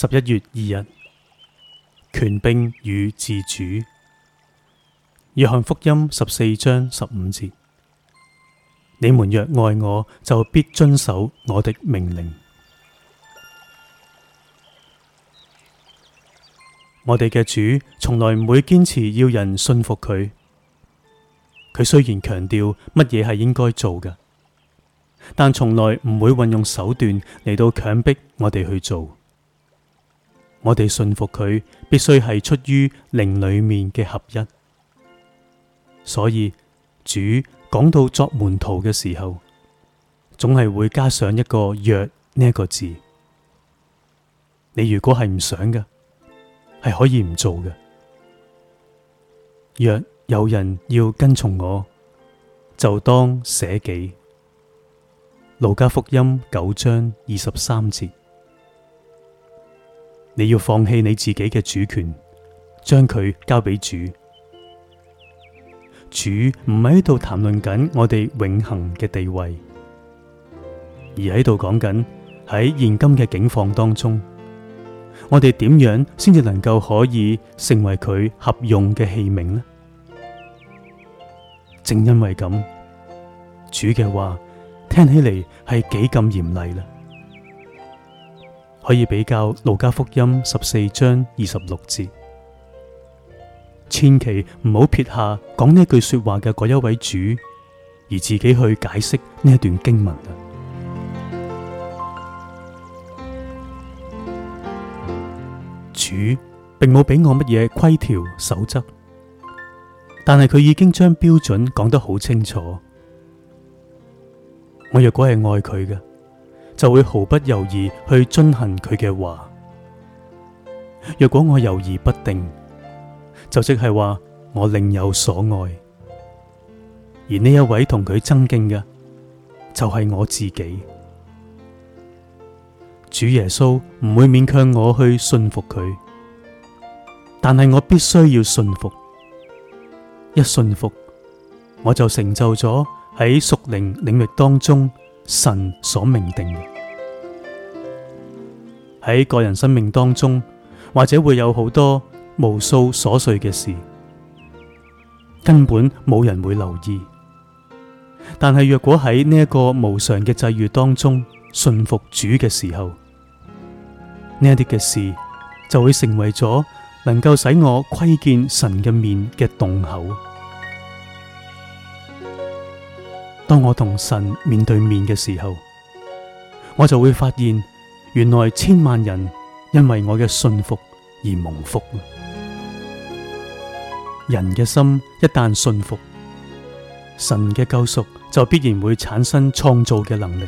十一月二日，權柄與自主。約翰福音十四章十五節：你們若愛我，就必遵守我的命令。我哋嘅主從來唔會堅持要人信服佢。佢雖然強調乜嘢係應該做嘅，但從來唔會運用手段嚟到強迫我哋去做。我哋信服佢，必須係出於靈裏面嘅合一。所以主講到作門徒嘅時候，總係會加上一個若呢一個字。你如果係唔想嘅，係可以唔做嘅。若有人要跟從我，就當捨己。路加福音九章二十三節。你要放棄你自己嘅主權，將佢交俾主。主唔係喺度談論緊我哋永恒嘅地位，而喺度講緊喺現今嘅境況當中，我哋點樣先至能夠可以成為佢合用嘅器皿呢？正因為咁，主嘅話聽起嚟係幾咁嚴厲啦。可以比較路加福音十四章二十六節，千祈唔好撇下講呢句說話嘅嗰一位主，而自己去解釋呢一段經文。主並冇俾我乜嘢規條守則，但係佢已經將標準講得好清楚。我若果係愛佢嘅。就會毫不猶豫去遵行佢嘅話。若果我猶豫不定，就即係話我另有所愛。而呢一位同佢爭競嘅，就係我自己。主耶穌唔會勉強我去信服佢，但係我必須要信服。一信服，我就成就咗喺屬靈領域當中，神所命定嘅，喺個人生命當中，或者會有好多無數瑣碎嘅事，根本冇人會留意。但係若果喺呢一個無常嘅際遇當中，信服主嘅時候，呢一啲嘅事就會成為咗能夠使我窺見神嘅面嘅洞口。當我同神面對面嘅時候，我就會發現，原來千萬人因為我嘅信服而蒙福。人嘅心一旦信服，神嘅救贖就必然會產生創造嘅能力。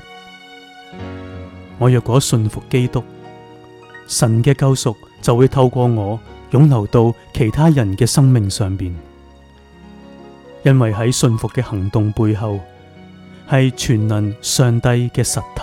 我若果信服基督，神嘅救贖就會透過我湧流到其他人嘅生命上邊。因為喺信服嘅行動背後，係全能上帝嘅實體。